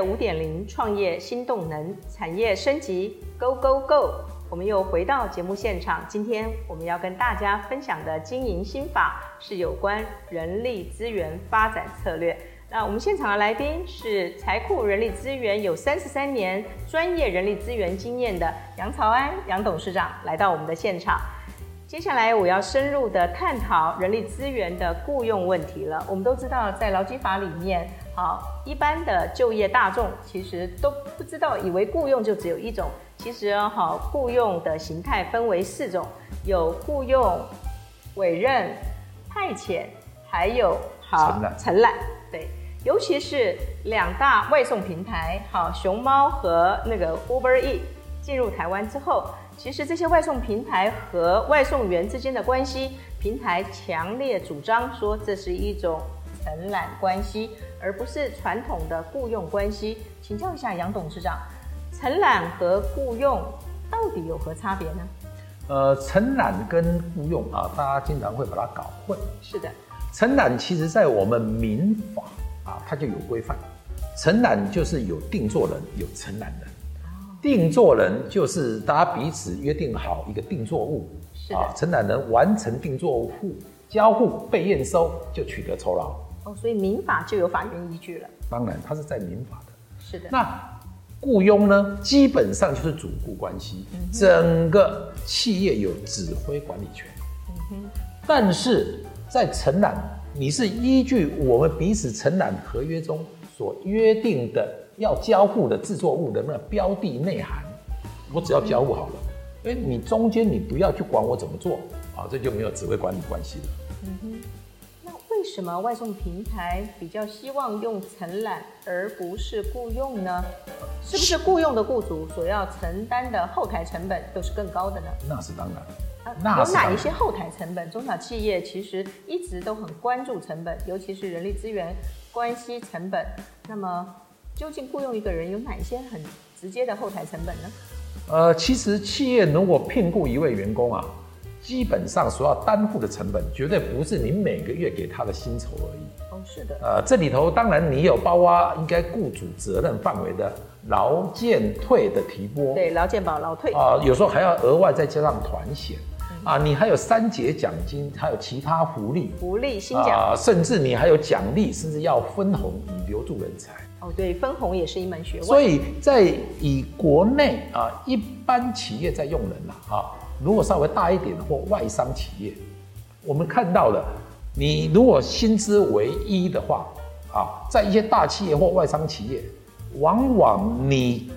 五點零創業新動能，產業升級，Go Go Go！我們又回到節目現場，今天我們要跟大家分享的經營心法是有關人力資源發展策略。那我們現場的來賓是才庫人力資源有三十三年專業人力資源經驗的楊朝安楊董事長來到我們的現場。接下來我要深入地探討人力資源的雇傭問題了。我們都知道，在勞基法裡面。好，一般的就業大眾其實都不知道，以為雇傭就只有一種。其實，好，雇傭的形態分為四種，有雇傭、委任、派遣，還有好，承攬。承攬，對。尤其是兩大外送平台，好，熊貓和那個 Uber Eats，進入台灣之後，其實這些外送平台和外送員之間的關係，平台強烈主張說這是一種。承攬關係，而不是傳統的雇用關係。請教一下楊董事長，承攬和雇用到底有何差別呢？呃，承攬跟雇用啊，大家經常會把它搞混。是的，承攬其實在我們民法啊，它就有規範。承攬就是有定作人，有承攬人。哦、定作人就是大家彼此約定好一個定作物，是的。啊、承攬人完成定作物交付、被驗收，就取得酬勞。哦、所以民法就有法院依據了。當然，它是在民法的。是的。那雇傭呢，基本上就是主雇關係、嗯，整個企業有指揮管理權。嗯哼。但是在承攬，你是依據我們彼此承攬合約中所約定的要交付的制作物的那標的內涵，我只要交付好了，為、嗯欸、你中間你不要去管我怎麼做啊，這就沒有指揮管理關係了。嗯哼。為什麼外送平台比較希望用承攬而不是雇傭呢？是不是雇傭的雇主所要承擔的後台成本都是更高的呢？那是當然。有哪、啊、一些後台成本？中小企業其實一直都很關注成本，尤其是人力資源關係成本。那麼，究竟雇傭一個人有哪一些很直接的後台成本呢？呃，其實企業如果聘雇一位員工啊。基本上所要擔負的成本，絕對不是你每個月給他的薪酬而已，呃。哦，是的。呃，這裡頭當然你有包括應該雇主責任範圍的勞健退的提撥。對，勞健保、勞退啊、呃嗯，有時候還要額外再加上團險、嗯、啊，你還有三節獎金，還有其他福利、福利、薪獎啊，甚至你還有獎勵，甚至要分紅以留住人才。哦，對，分紅也是一門學問。所以在以國內啊、呃，一般企業在用人啊。呃呃如果稍微大一點的或外商企業，我們看到了，你如果薪資為一的話，啊，在一些大企業或外商企業，往往你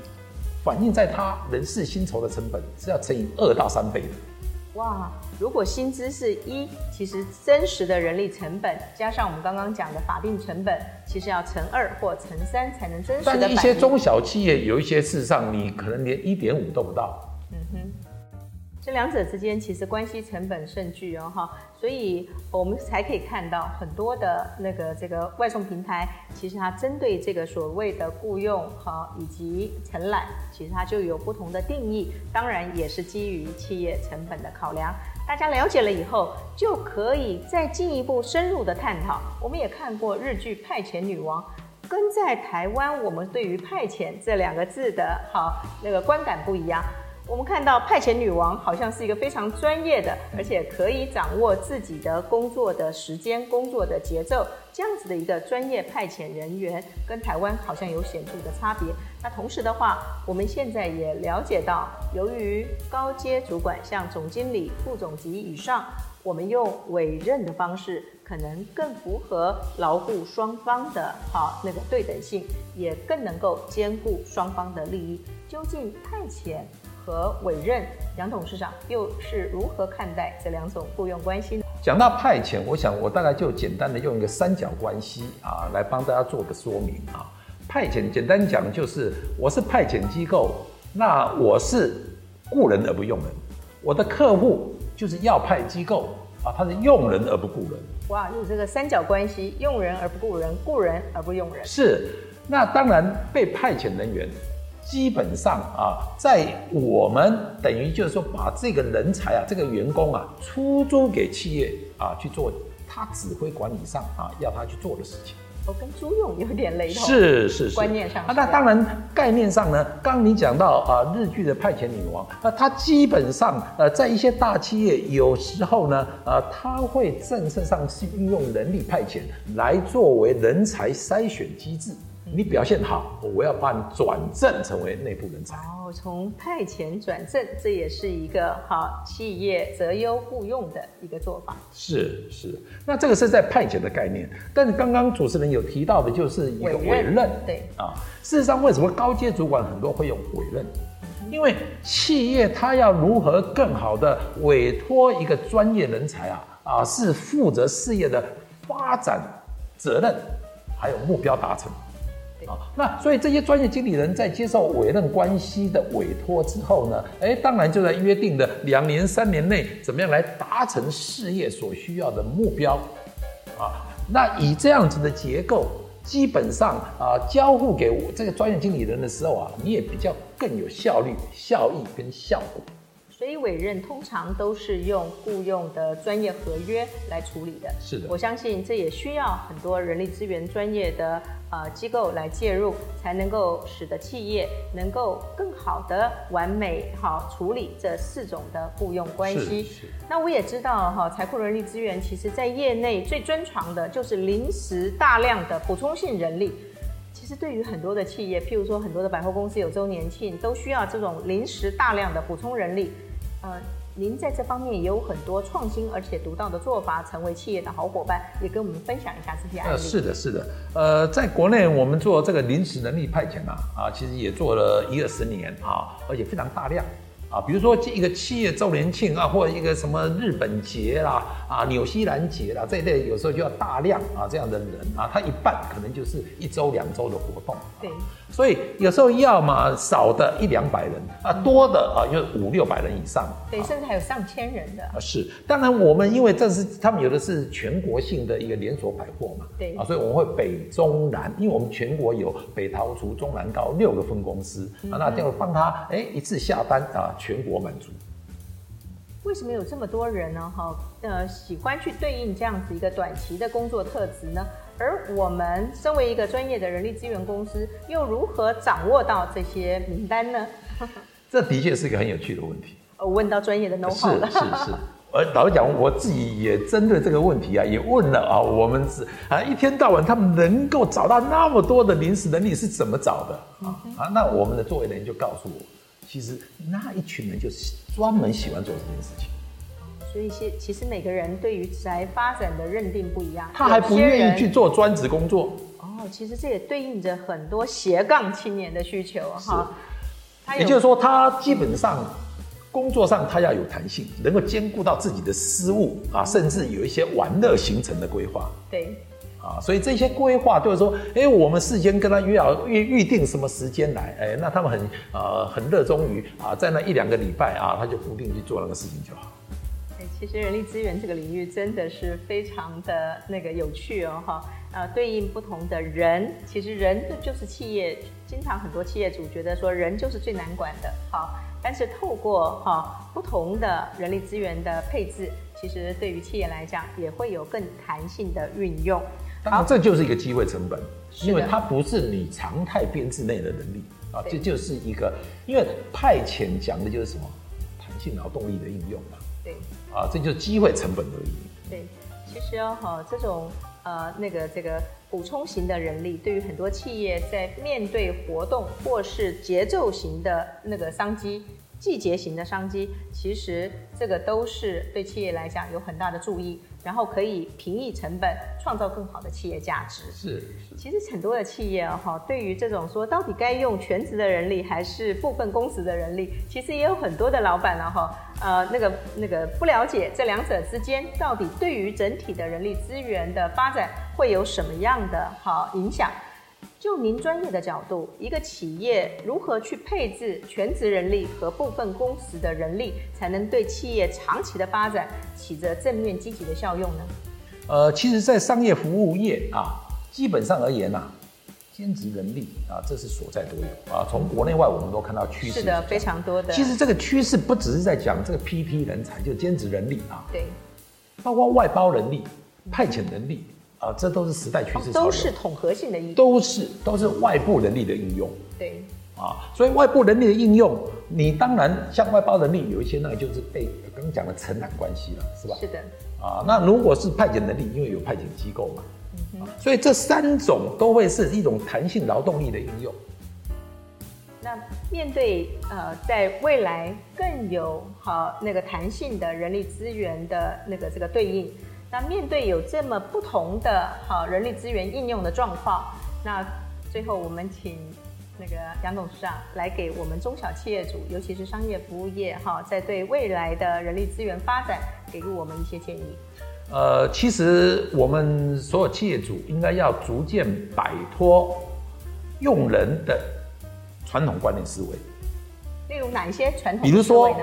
反映在他人事薪酬的成本是要乘以二到三倍的。哇，如果薪資是一，其實真實的人力成本加上我們剛剛講的法定成本，其實要乘二或乘三才能真實的。但一些中小企業有一些事實上你可能連一點五都不到。嗯哼。這兩者之間其實關係成本甚巨哦哈，所以我們才可以看到很多的那個這個外送平台，其實它針對這個所謂的雇用和以及承攬，其實它就有不同的定義，當然也是基於企業成本的考量。大家了解了以後，就可以再進一步深入的探討。我們也看過日劇《派遣女王》，跟在台灣我們對於派遣這兩個字的好那個觀感不一樣。我們看到派遣女王好像是一個非常專業的，而且可以掌握自己的工作的時間、工作的節奏，這樣子的一個專業派遣人員，跟台灣好像有顯著的差別。那同時的話，我們現在也了解到，由於高階主管像總經理、副總級以上，我們用委任的方式，可能更符合勞雇雙方的好那個對等性，也更能夠兼顧雙方的利益。究竟派遣？和委任楊董事長又是如何看待這兩種僱傭關係呢？講到派遣，我想我大概就簡單的用一個三角關係啊來幫大家做個說明啊。派遣簡單講就是我是派遣機構，那我是僱人而不用人，我的客戶就是要派機構啊，他是用人而不僱人。哇，用這個三角關係，用人而不僱人，僱人而不用人。是，那當然被派遣人員。基本上啊，在我們等於就是說，把這個人才啊，這個員工啊，出租給企業啊，去做他指揮管理上啊要他去做的事情。我、哦、跟租用有點雷同，是是是，觀念上、啊。那當然概念上呢，剛你講到啊，日劇的派遣女王，那、啊、他基本上呃、啊，在一些大企業有時候呢，呃、啊，他會政策上是運用人力派遣來作為人才篩選機制。你表現好，我要把你轉正成為內部人才。哦，從派遣轉正，這也是一個好企業擇優雇用的一個做法。是是，那這個是在派遣的概念，但是剛剛主持人有提到的，就是一個委任。委任對啊，事實上為什麼高階主管很多會有委任？嗯、因為企業它要如何更好的委託一個專業人才啊啊，是負責事業的發展責任，還有目標達成。那所以這些專業經理人在接受委任關係的委托之後呢，哎，當然就在約定的兩年三年內，怎麼樣來達成事業所需要的目標？啊，那以這樣子的結構，基本上啊，交付給我這個專業經理人的時候啊，你也比較更有效率、效益跟效果。所以委任通常都是用雇用的專業合約來處理的。是的，我相信這也需要很多人力資源專業的呃機構來介入，才能夠使得企業能夠更好的完美好處理這四種的雇用關係。那我也知道哈，才庫人力資源其實在業內最專長的就是臨時大量的補充性人力。其實對於很多的企業，譬如說很多的百貨公司有周年慶，都需要這種臨時大量的補充人力。呃，您在這方面也有很多創新而且獨到的做法，成為企業的好夥伴，也跟我們分享一下這些案例。呃、是的，是的，呃，在國內我們做這個臨時能力派遣啊，啊，其實也做了一二十年啊，而且非常大量啊，比如說一個企業周年慶啊，或者一個什麼日本節啦、啊、啊紐西蘭節啦、啊、這一類，有時候就要大量啊這樣的人啊，他一半可能就是一周兩周的活動。啊、對。所以有時候要麼少的一兩百人，嗯、啊，多的啊有、就是、五六百人以上，對，啊、甚至還有上千人的啊。是，當然我們因為這是他們有的是全國性的一個連鎖百貨嘛，對啊，所以我們會北中南，因為我們全國有北桃竹、中南高六個分公司，嗯、啊，那就幫他哎一次下單啊，全國滿足。為什麼有這麼多人呢、啊？哈，呃，喜歡去對應這樣子一個短期的工作特質呢？而我們身為一個專業的人力資源公司，又如何掌握到這些名單呢？這的確是一個很有趣的問題。我問到專業的 know-how 了是是是，我老實講，我自己也針對這個問題啊，也問了啊。我們是啊，一天到晚他們能夠找到那麼多的臨時人力是怎麼找的啊？Okay. 啊，那我們的作為人就告訴我，其實那一群人就是專門喜歡做這件事情。所以，其其實每個人對於職業發展的認定不一樣。他還不願意去做專職工作。哦，其實這也對應着很多斜槓青年的需求哈，他。也就是說，他基本上工作上他要有彈性，嗯、能夠兼顧到自己的私務、嗯、啊，甚至有一些玩樂行程的規劃、嗯嗯。對。啊，所以這些規劃就是說，哎，我們事先跟他約好，預預定什麼時間來，哎，那他們很、呃、很熱衷於啊，在那一兩個禮拜啊，他就固定去做那個事情就好。其實人力資源這個領域真的是非常的那個有趣哦，哈，呃，對應不同的人，其實人就是企業，經常很多企業主覺得說，人就是最難管的，好，但是透過哈、哦、不同的人力資源的配置，其實對於企業來講也會有更彈性的運用。啊，這就是一個機會成本，是因為它不是你常態編制內的人力啊，這就是一個，因為派遣講的就是什麼彈性勞動力的應用嘛。對，啊，這就是機會成本而已。對，其實啊，哈，這種呃，那個這個補充型的人力，對於很多企業在面對活動或是節奏型的那個商機。季節型的商機，其實這個都是對企業來講有很大的助益，然後可以平抑成本，創造更好的企業價值。是，是，是。其實很多的企業哈、哦，對於這種說到底該用全職的人力還是部分工時的人力，其實也有很多的老板了、啊、哈，呃，那個那個不了解這兩者之間到底對於整體的人力資源的發展會有什麼樣的哈影響。就您專業的角度，一個企業如何去配置全職人力和部分工時的人力，才能對企業長期的發展起着正面積極的效用呢？呃，其實，在商業服務業啊，基本上而言吶、啊，兼職人力啊，這是所在多有啊。從國內外，我們都看到趨勢是，是的，非常多的。其實這個趨勢不只是在講這個 PT 人才，就兼職人力啊，對，包括外包人力、派遣人力。啊，這都是時代趨勢、啊，都是統合性的應用，都是都是外部人力的應用，對，啊，所以外部人力的應用，你當然像外包人力，有一些那個就是被、欸、剛剛講的承攬關係了，是吧？是的，啊，那如果是派遣人力，嗯、因為有派遣機構嘛、嗯哼啊，所以這三種都會是一種彈性勞動力的應用。那面對呃，在未來更有好、啊、那個彈性的人力資源的那個這個對應。那面對有這麼不同的好、哦、人力資源應用的狀況，那最後我們請那個楊董事長來給我們中小企業主，尤其是商業服務業哈、哦，在對未來的人力資源發展，給予我們一些建議。呃，其實我們所有企業主應該要逐漸擺脫用人的傳統觀念思維。例如哪一些傳統思維呢？比如說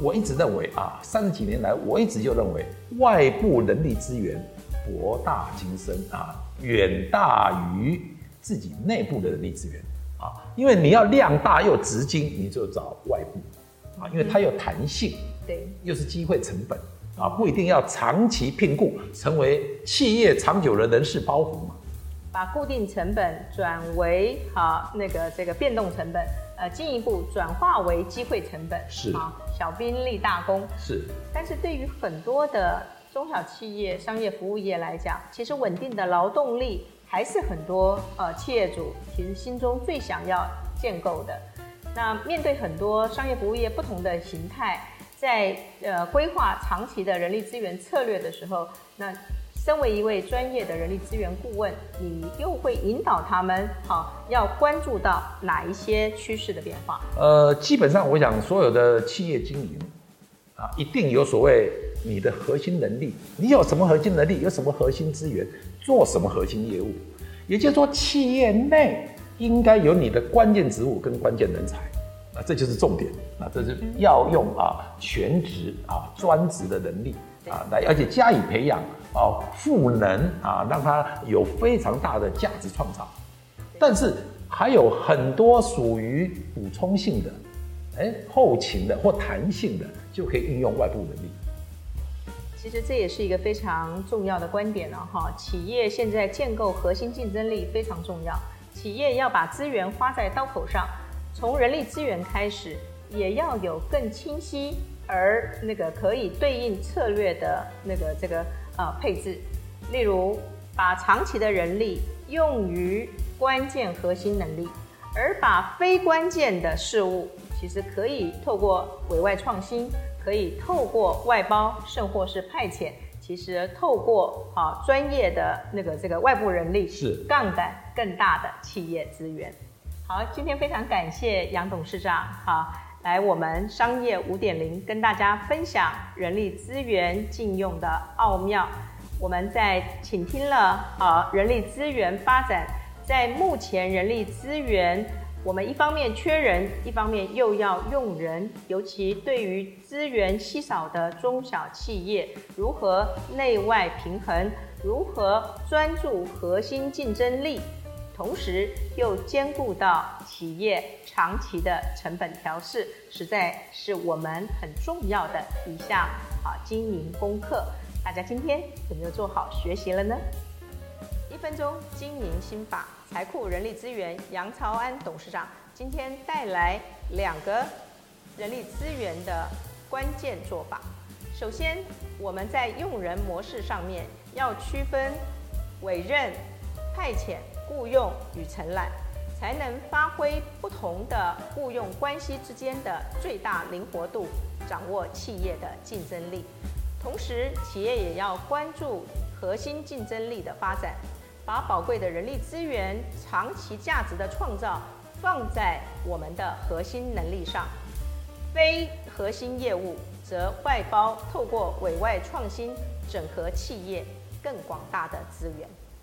我一直認為啊，三十幾年來，我一直就認為外部人力資源博大精深啊，遠大於自己內部的人力資源啊。因為你要量大又質精，你就找外部啊，因為它有彈性，嗯，對，又是機會成本啊，不一定要長期聘雇，成為企業長久的人事包袱嘛。把固定成本轉為啊那個這個變動成本，呃，進一步轉化為機會成本是啊。好小兵立大功是，但是對於很多的中小企業、商業服務業來講，其實穩定的勞動力還是很多。呃，企業主其實心中最想要建構的。那面對很多商業服務業不同的形態，在呃規劃長期的人力資源策略的時候，那。身為一位專業的人力資源顧問，你又會引導他們好、啊、要關注到哪一些趨勢的變化？呃，基本上我想，所有的企業經營啊，一定有所謂你的核心能力。你有什麼核心能力？有什麼核心資源？做什麼核心業務？也就是說，企業內應該有你的關鍵職務跟關鍵人才啊，這就是重點。那、啊、這是要用啊全職啊專職的能力啊來，而且加以培養。哦，賦能啊，讓它有非常大的價值創造，但是還有很多屬於補充性的，誒，後勤的或彈性的，就可以運用外部能力。其實這也是一個非常重要的觀點了。哈，企業現在建構核心競爭力非常重要，企業要把資源花在刀口上，從人力資源開始，也要有更清晰。而那個可以對應策略的那個這個啊、呃、配置，例如把長期的人力用於關鍵核心能力，而把非關鍵的事物，其實可以透過委外創新，可以透過外包，甚或是派遣，其實透過好、啊、專業的那個這個外部人力是槓桿更大的企業資源。好，今天非常感謝楊董事長，好。啊來，我們商業五點零跟大家分享人力資源進用的奧妙。我們在請聽了呃人力資源發展在目前人力資源，我們一方面缺人，一方面又要用人，尤其對於資源稀少的中小企業，如何內外平衡，如何專注核心競爭力？同時又兼顧到企業長期的成本調試，實在是我們很重要的一項啊經營功課。大家今天有沒有做好學習了呢？一分鐘經營心法，財庫人力資源楊朝安董事長今天帶來兩個人力資源的關鍵做法。首先，我們在用人模式上面要區分委任、派遣、雇傭與承攬，才能發揮不同的雇傭關係之間的最大靈活度，掌握企業的競爭力。同時，企業也要關注核心競爭力的發展，把寶貴的人力資源長期價值的創造放在我們的核心能力上。非核心業務則外包，透過委外創新，整合企業更廣大的資源。